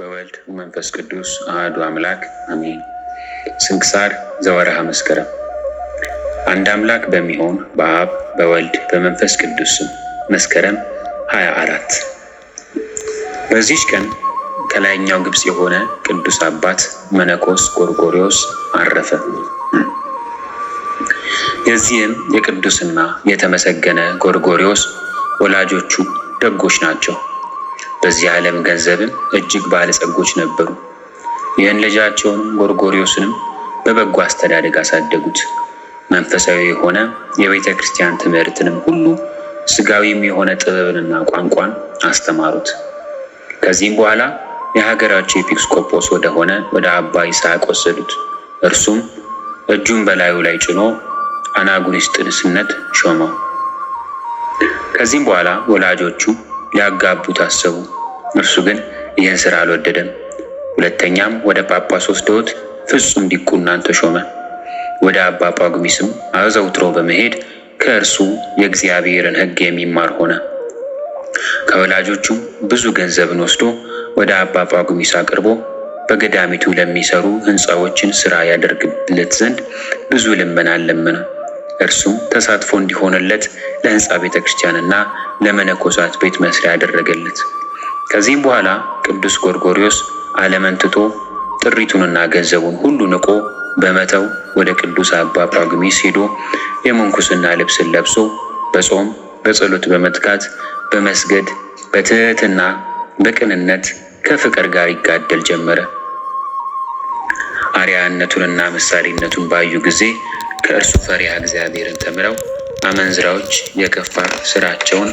በወልድ መንፈስ ቅዱስ አህዱ አምላክ አሜን። ስንክሳር ዘወርሃ መስከረም። አንድ አምላክ በሚሆን በአብ በወልድ በመንፈስ ቅዱስ ስም መስከረም 24 በዚች ቀን ከላይኛው ግብፅ የሆነ ቅዱስ አባት መነኮስ ጎርጎሪዎስ አረፈ። የዚህም የቅዱስና የተመሰገነ ጎርጎሪዎስ ወላጆቹ ደጎች ናቸው። በዚህ ዓለም ገንዘብም እጅግ ባለጸጎች ነበሩ። ይህን ልጃቸውን ጎርጎሪዮስንም በበጎ አስተዳደግ አሳደጉት። መንፈሳዊ የሆነ የቤተ ክርስቲያን ትምህርትንም ሁሉ ስጋዊም የሆነ ጥበብንና ቋንቋን አስተማሩት። ከዚህም በኋላ የሀገራቸው ኤጲስቆጶስ ወደሆነ ወደ አባ ይስሐቅ ወሰዱት። እርሱም እጁን በላዩ ላይ ጭኖ አናጉሪስጥስነት ሾመው። ከዚህም በኋላ ወላጆቹ ሊያጋቡት አሰቡ። እርሱ ግን ይህን ስራ አልወደደም። ሁለተኛም ወደ ጳጳስ ወስደውት ፍጹም ዲቁናን ተሾመ። ወደ አባ ጳጉሚስም አዘውትሮ በመሄድ ከእርሱ የእግዚአብሔርን ሕግ የሚማር ሆነ። ከወላጆቹም ብዙ ገንዘብን ወስዶ ወደ አባ ጳጉሚስ አቅርቦ በገዳሚቱ ለሚሰሩ ህንፃዎችን ስራ ያደርግለት ዘንድ ብዙ ልመና ለመነው። እርሱም ተሳትፎ እንዲሆንለት ለህንፃ ቤተ ክርስቲያንና ለመነኮሳት ቤት መስሪያ ያደረገለት። ከዚህም በኋላ ቅዱስ ጎርጎሪዎስ ዓለምን ትቶ ጥሪቱንና ገንዘቡን ሁሉ ንቆ በመተው ወደ ቅዱስ አባ ጳጉሚስ ሄዶ የምንኩስና ልብስን ለብሶ በጾም በጸሎት በመትጋት በመስገድ በትህትና በቅንነት ከፍቅር ጋር ይጋደል ጀመረ። አርያነቱንና ምሳሌነቱን ባዩ ጊዜ ከእርሱ ፈሪሃ እግዚአብሔርን ተምረው አመንዝራዎች የከፋ ስራቸውን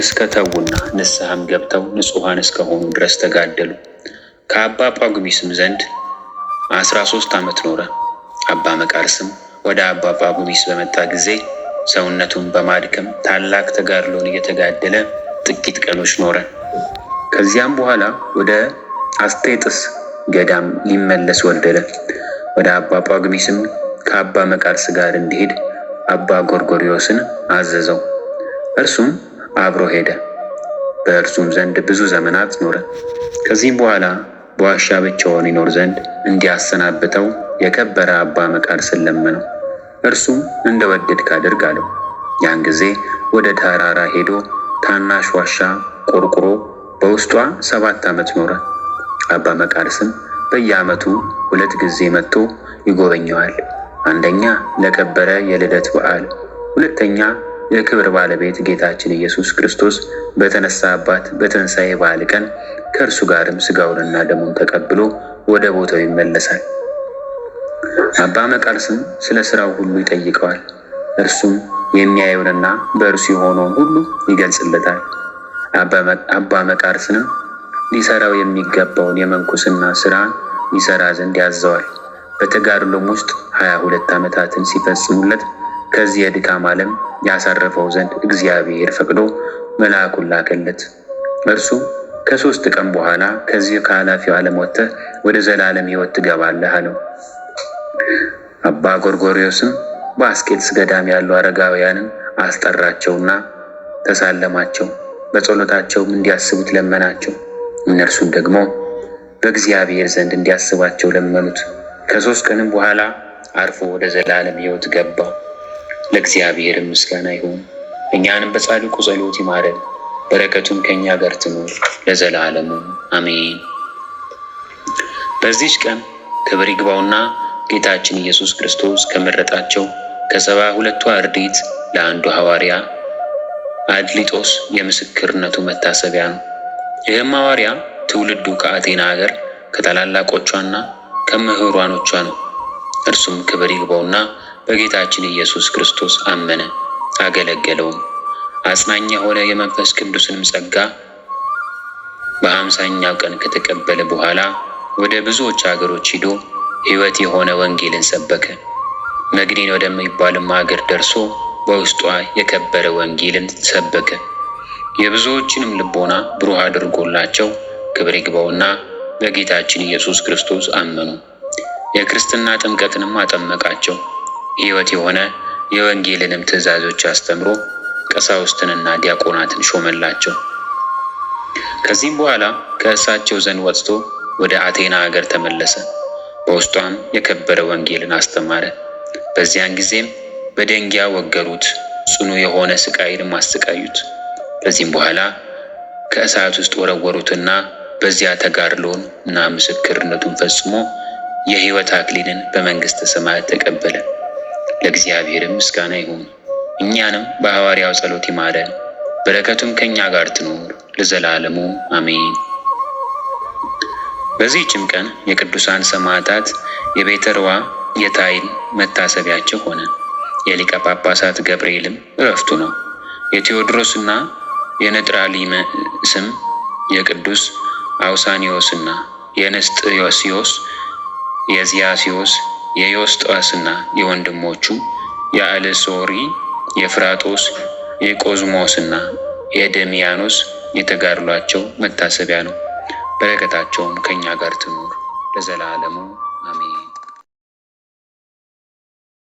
እስከ ተዉና ንስሐም ገብተው ንጹሐን እስከሆኑ ድረስ ተጋደሉ። ከአባ ጳጉሚስም ዘንድ አስራ ሶስት ዓመት ኖረ። አባ መቃርስም ወደ አባ ጳጉሚስ በመጣ ጊዜ ሰውነቱን በማድከም ታላቅ ተጋድሎን እየተጋደለ ጥቂት ቀኖች ኖረ። ከዚያም በኋላ ወደ አስጤጥስ ገዳም ሊመለስ ወደደ። ወደ አባ ጳጉሚስም ከአባ መቃርስ ጋር እንዲሄድ አባ ጎርጎሪዎስን አዘዘው። እርሱም አብሮ ሄደ። በእርሱም ዘንድ ብዙ ዘመናት ኖረ። ከዚህም በኋላ በዋሻ ብቻውን ይኖር ዘንድ እንዲያሰናብተው የከበረ አባ መቃርስን ለመነው። እርሱም እንደ ወደድክ አድርግ አለው። ያን ጊዜ ወደ ተራራ ሄዶ ታናሽ ዋሻ ቆርቁሮ በውስጧ ሰባት ዓመት ኖረ። አባ መቃርስም በየዓመቱ ሁለት ጊዜ መጥቶ ይጎበኘዋል። አንደኛ ለከበረ የልደት በዓል፣ ሁለተኛ የክብር ባለቤት ጌታችን ኢየሱስ ክርስቶስ በተነሳባት በትንሣኤ በዓል ቀን ከእርሱ ጋርም ስጋውንና ደሙን ተቀብሎ ወደ ቦታው ይመለሳል። አባ መቃርስም ስለ ስራው ሁሉ ይጠይቀዋል። እርሱም የሚያየውንና በእርሱ የሆነውን ሁሉ ይገልጽለታል። አባ መቃርስንም ሊሰራው የሚገባውን የመንኩስና ሥራ ይሰራ ዘንድ ያዘዋል። በተጋድሎም ውስጥ ሀያ ሁለት ዓመታትን ሲፈጽሙለት ከዚህ የድካም ዓለም ያሳረፈው ዘንድ እግዚአብሔር ፈቅዶ መልአኩን ላከለት። እርሱ ከሶስት ቀን በኋላ ከዚህ ከኃላፊው ዓለም ወጥተህ ወደ ዘላለም ሕይወት ትገባለህ አለው። አባ ጎርጎሪዎስም በአስቄጥስ ገዳም ያሉ አረጋውያንን አስጠራቸውና ተሳለማቸው። በጸሎታቸውም እንዲያስቡት ለመናቸው። እነርሱም ደግሞ በእግዚአብሔር ዘንድ እንዲያስባቸው ለመኑት። ከሶስት ቀንም በኋላ አርፎ ወደ ዘላለም ሕይወት ገባ። ለእግዚአብሔር ምስጋና ይሁን። እኛንም በጻድቁ ጸሎት ይማረን፣ በረከቱም ከእኛ ጋር ትኑር ለዘላለሙ አሜን። በዚች ቀን ክብር ይግባውና ጌታችን ኢየሱስ ክርስቶስ ከመረጣቸው ከሰባ ሁለቱ አርድእት ለአንዱ ሐዋርያ አድሊጦስ የምስክርነቱ መታሰቢያ ነው። ይህም ሐዋርያ ትውልዱ ከአቴና ሀገር ከታላላቆቿና ከመምህራኖቿ ነው። እርሱም ክብር ይግባውና በጌታችን ኢየሱስ ክርስቶስ አመነ፣ አገለገለውም። አጽናኝ የሆነ የመንፈስ ቅዱስንም ጸጋ በአምሳኛው ቀን ከተቀበለ በኋላ ወደ ብዙዎች አገሮች ሂዶ ሕይወት የሆነ ወንጌልን ሰበከ። መግኔን ወደሚባልም አገር ደርሶ በውስጧ የከበረ ወንጌልን ሰበከ። የብዙዎችንም ልቦና ብሩህ አድርጎላቸው ክብር ይግባውና በጌታችን ኢየሱስ ክርስቶስ አመኑ። የክርስትና ጥምቀትንም አጠመቃቸው። ሕይወት የሆነ የወንጌልንም ትእዛዞች አስተምሮ ቀሳውስትንና ዲያቆናትን ሾመላቸው። ከዚህም በኋላ ከእሳቸው ዘንድ ወጥቶ ወደ አቴና አገር ተመለሰ። በውስጧም የከበረ ወንጌልን አስተማረ። በዚያን ጊዜም በደንጊያ ወገሩት፣ ጽኑ የሆነ ስቃይንም አሰቃዩት። ከዚህም በኋላ ከእሳት ውስጥ ወረወሩትና በዚያ ተጋድሎውን እና ምስክርነቱን ፈጽሞ የሕይወት አክሊልን በመንግሥተ ሰማያት ተቀበለ። ለእግዚአብሔርም ምስጋና ይሁን። እኛንም በሐዋርያው ጸሎት ይማረን፣ በረከቱም ከእኛ ጋር ትኖር ለዘላለሙ አሜን። በዚህችም ቀን የቅዱሳን ሰማዕታት የቤተ ርዋ የታይን መታሰቢያቸው ሆነ። የሊቀ ጳጳሳት ገብርኤልም እረፍቱ ነው። የቴዎድሮስና የነጥራሊመ ስም የቅዱስ አውሳኒዮስና የንስጥዮስዮስ የዚያሲዮስ የዮስጣስና የወንድሞቹ የአልሶሪ የፍራጦስ የቆዝሞስና የደሚያኖስ የተጋድሏቸው መታሰቢያ ነው። በረከታቸውም ከእኛ ጋር ትኑር ለዘላለሙ